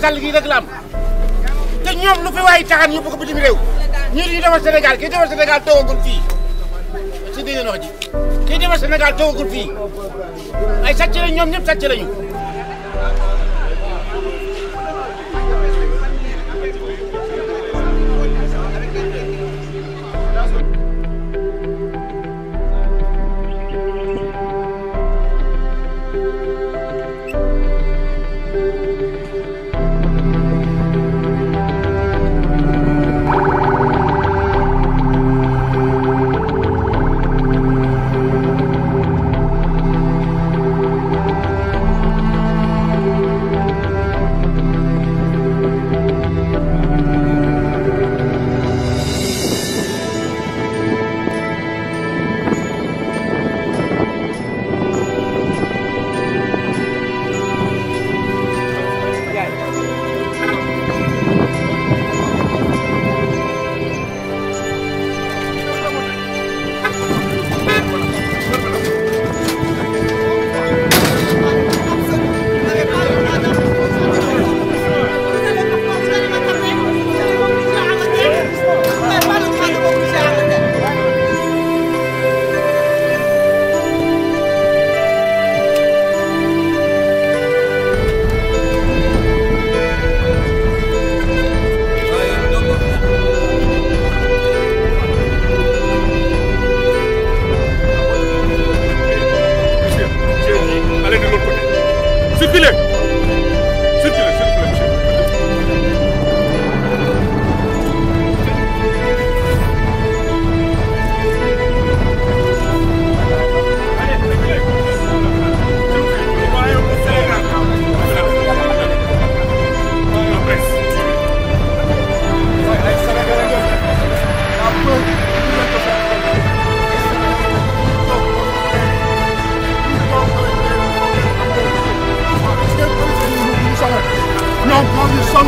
Macky a gii rek la am te ñoom lu fi waaye taxaan ñu bëgg bitim réew ñun ñu demal Sénégal kii demal Sénégal toogagul fii si dégg ngeen wax ji kii demal Sénégal toogagul fii ay sàcc lañ ñoom ñëpp sàcc lañu Oh,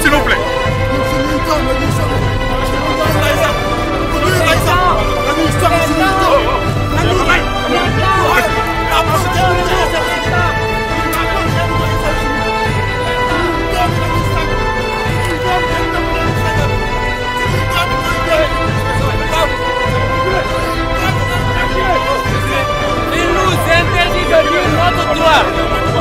s'il vous plaît.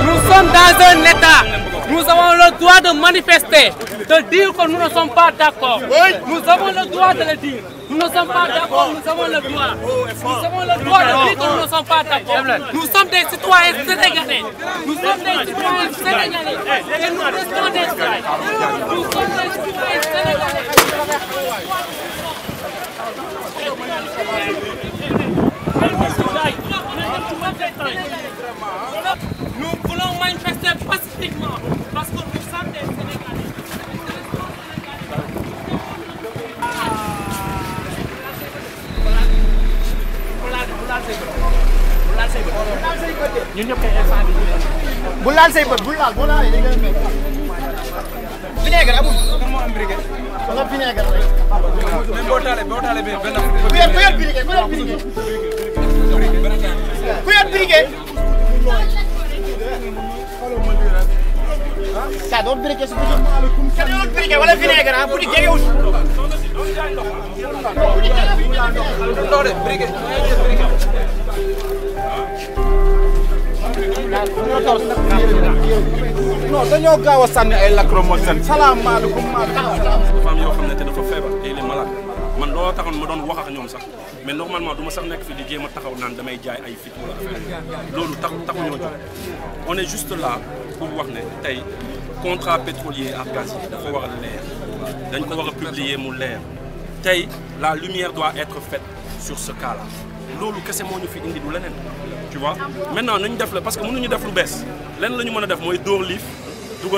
Nous sommes dans un état nous avons le droit de manifester, de dire que nous ne sommes pas d'accord. Nous avons le droit de le dire. Nous ne sommes pas d'accord, nous avons le droit. Oh, nous avons le droit de dire que nous ne sommes pas d'accord. Nous sommes des citoyens sénégalais. Nous sommes des citoyens sénégalais. Et nous restons des citoyens. Nous sommes des citoyens sénégalais. long manifesté pacifiquement parce que nous sommes des Sénégalais. ñun ñëpp kay instant bi bu laal say bët bu laal bu laal da ngay mel. vinaigre amul. kan moo am briquet. nga vinaigre rek. mais boo taalee boo taalee benn benn. ku yor ku yor briquet ku yor briquet. ku yor briquet. saa doon briquet suuf si. saa doon briquet wala vinaigre ah bu di jegewul. non de briquet. non dañoo gaaw a sànni ay lacrymogène. salaamaaleykum maaleykum. dafa am yoo xam ne te dafa feebar te il est malade. man taxoon ma wax mais normalement je sax fi di on est juste là pour voir ne contrat pétrolier ak gaz dañ publier la lumière doit être faite sur ce cas là loolu ce ñu fi indi du leneen tu vois maintenant parce que nous, def lu la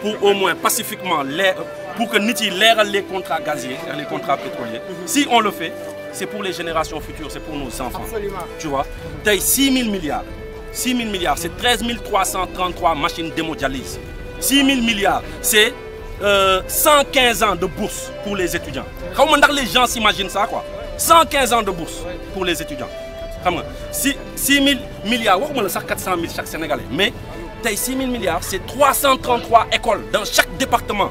pour au moins pacifiquement pour que Niti l'air les contrats gaziers, les contrats pétroliers. Mhm. Si on le fait, c'est pour les générations futures, c'est pour nos enfants. Absolument. Tu vois, tu 6 000 milliards. 6 000 milliards, c'est 13 333 machines démodialisées 6 000 milliards, c'est 115 euh, ans de bourse pour les étudiants. Comment les gens s'imaginent ça quoi 115 ans de bourse pour les étudiants. 6 000 milliards, 400 000 chaque Sénégalais. Mais 6 000 milliards c'est 333 écoles dans chaque département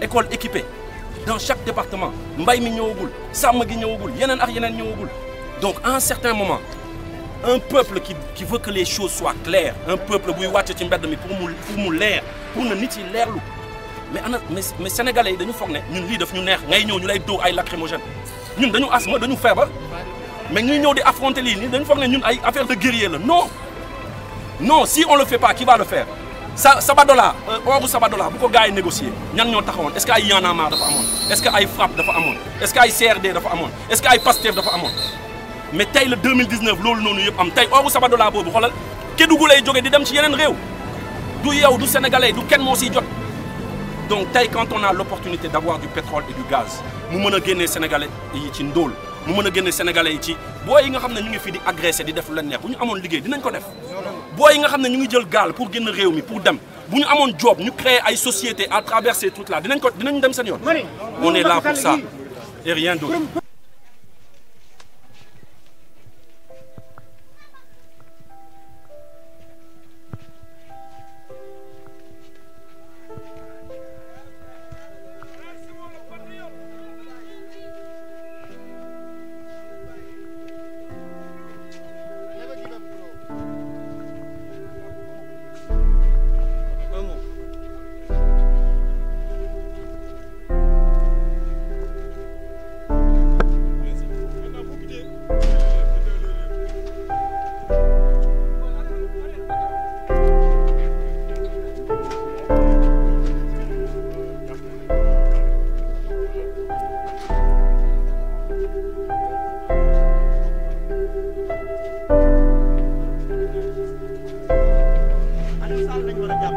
école équipée dans chaque département mbay mi ñëwagul sàmm gi ñëwagul yeneen ak yeneen ñëwagul donc à un certain moment un peuple qui qui veut que les choses soient claires un peuple qui veut ci les mi pour pour l'air l'air, pour nous nit l'air mais les mais sénégalais ils dañu foog ne ñun lii daf ñu neex ngay lacrymogènes. ñu lay dóor ay lacrymogène ñun dañu mais ñuy ñëw di affronter lii nous dañu foog affaire de guerrier non non si on le fait pas qui va le faire sa ça ooru euh, Sabadola bu ko gars yi négocier ñan ñoo taxawoon est-ce qu'il y Y'en a marre dafa amoon est-ce que ay frappe dafa amoon est-ce que ay CRD dafa amoon est-ce que ay PASTEF dafa amoon mais tey le 2019 loolu noonu yëpp am tey ooru Sabadola boobu xoolal Kédougou lay jógee di dem ci yeneen réew du yow du sénégalais du kenn moo si jot donc tey quand on a l'opportunité d'avoir du pétrole et du gaz mu mën a sénégalais yi ci ndóol mu mën a sénégalais yi ci boo yi nga xam ne ñu ngi fii di agressé di def lu leen neex bu ñu amoon liggéey dinañ ko def boy nga xamné ñu ngi jël gal pour génn réew mi pour dem bu ñu amoon job ñu créer ay société à travers ces trucs là dinañ ko dinañ dem sen yoon on est là pour ça et rien d'autre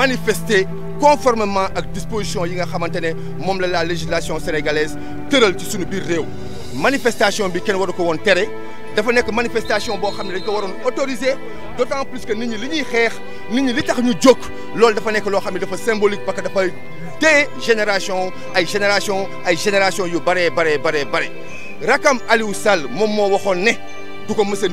manifester conformément ak disposition yi nga xamante la la législation sénégalaise tëral ci sunu biir réew manifestation bi ken waru won téré dafa nek manifestation bo xamné dañ ko waroon autoriser d'autant plus que nit ñi li ñuy xeex nit ñi li tax ñu jokk loolu dafa nek lo xamné dafa symbolique parce que dafa té génération ay génération ay génération yu baré baré baré. baré rakam Aliou Sall mom mo waxoon ne du ko mës euh,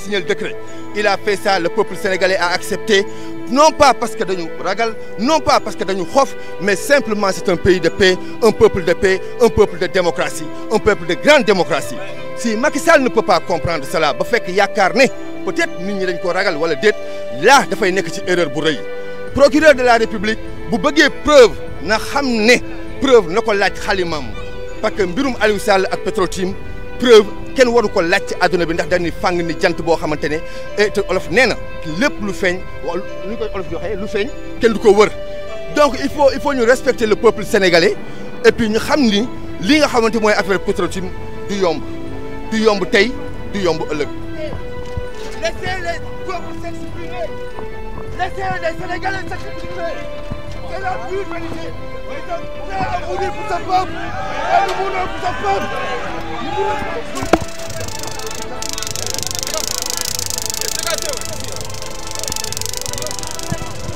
signé le décret il a fait ça le peuple sénégalais a accepté non pas parce que dañu ragal non pas parce que dañu xoof mais simplement c'est un pays de paix un peuple de paix un peuple de démocratie un peuple de grande démocratie si Macky Sall ne peut pas comprendre cela ba y a carnet. peut-être nit ñi dañ ko ragal wala déet laa dafay une ci erreur bu lui. procureur de la république vous voulez preuve na xam preuve na ko laaj xalimam parce que mbirum Aliou Sall ak petro preuve ken waru ko laaj aduna bi ndax dañ ni fang ni jant bo xamantene et eh, olof nee lepp lu feeñ ni koy olof joxe lu feeñ ken du ko wër donc il faut il faut ñu respecter le peuple sénégalais et puis ñu xam ni li nga xamantene moy affaire Petrotim du yomb du yomb tay du yomb ëlëk laissez les peuples s'exprimer laissez les Sénégalais s'exprimer c'est la pure vérité c'est à mourir pour sa femme et nous mourons pour sa femme está you.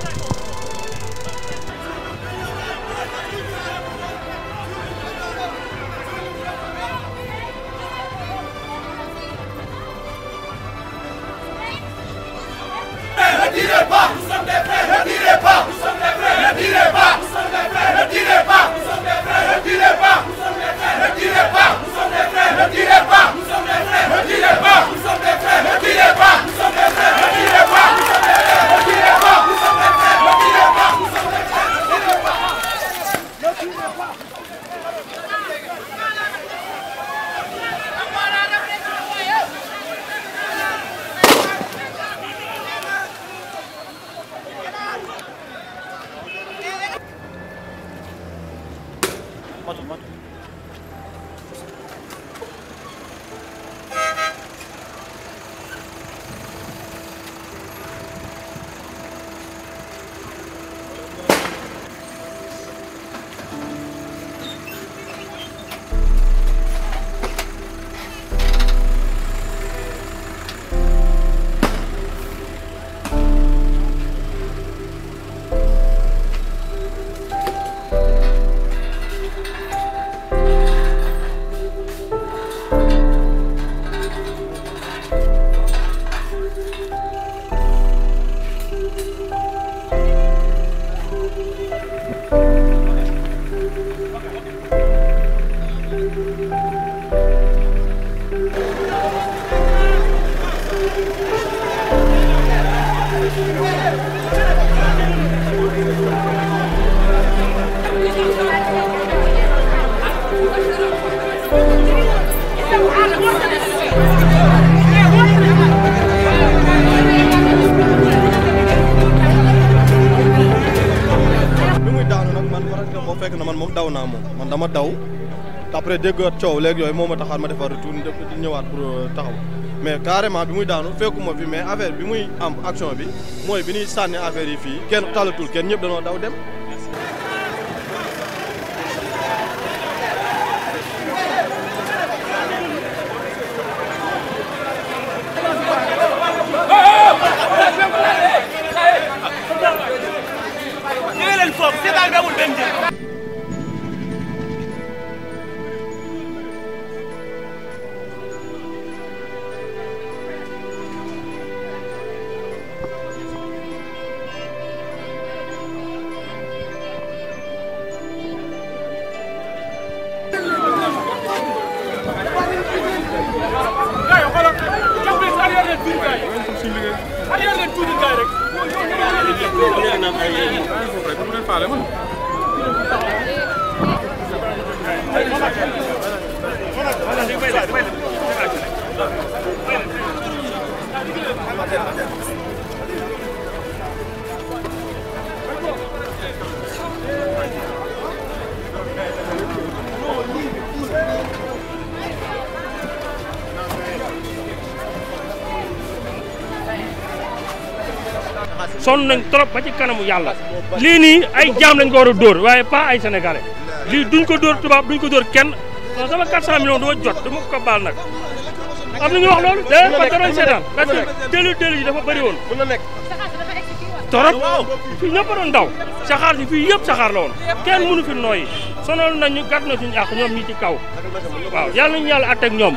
Motor, motor. fekk man moom daw naa moom man dama daw après dégg coow léegi yooyu moom ma taxaat ma defar retour di ñëwaat pour euh, taxaw mais carrément bi muy daanu fekkuma fi mais affaire bi muy am action bi mooy bi ñuy sànni affaire yi fii kenn talatul kenn ñëpp danoo daw dem son nañ trop ba ci kanamu yàlla lii ay jaam nañ ko war a dóor waaye pas ay sénégalais lii duñ ko door tubaab duñ ko dóor kenn non sama 400 millions du ma jot du ma ko nag am na ñu wax loolu. mën na nekk mën na nekk parce que déllu déllu yi dafa woon. mën na nekk. torop fii ñëpp doon daw. saxaar si fii yëpp saxaar la woon kenn mënu fi nooyi sonal nañu gàtt na suñu àq ñoom ñi ci kaw waaw yàlla nañu yàlla àtteeg ñoom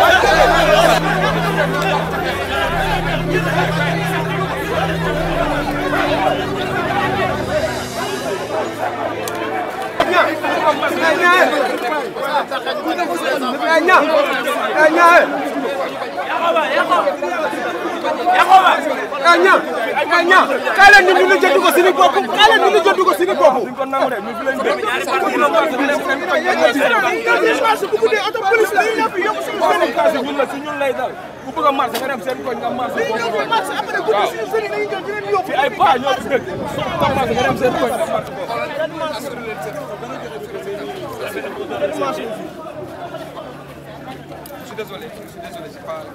kaay leen ñu ñu jënd ko suñu bopp kaay leen ñu ñu jënd ko suñu bopp. bu guddee oto police la ñëpp yokk suñu sëriñ. ñun la si ñun lay dal ku bëgg a marché nga dem seen koñ nga marché. dañuy marché après guddee suñu sëriñ dañuy jël di leen yóbbu. fi ay pas ñoo fi dëkk nga dem seen koñ nga marché. Je suis désolé, je suis désolé, sais pas...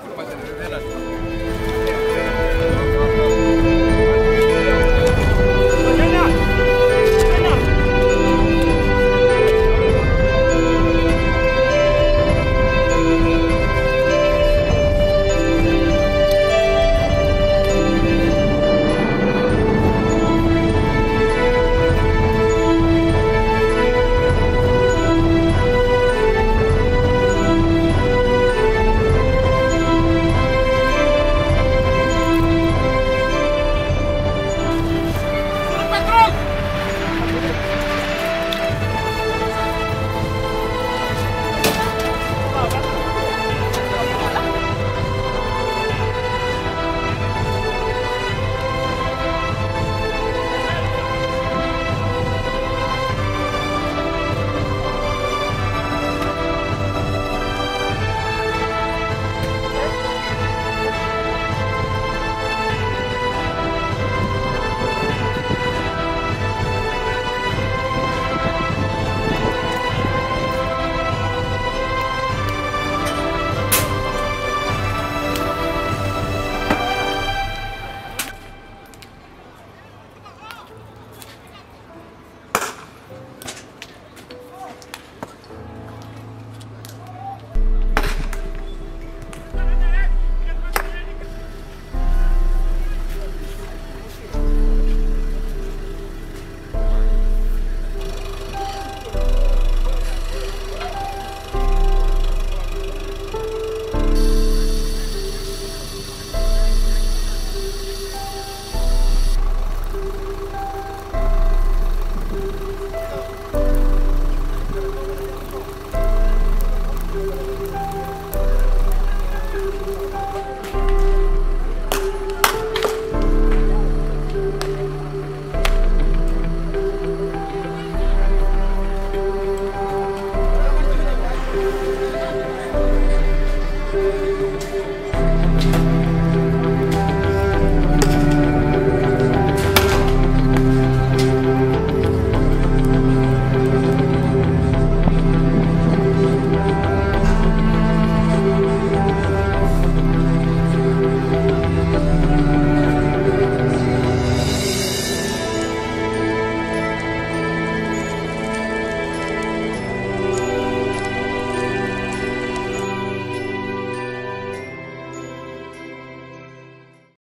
thank you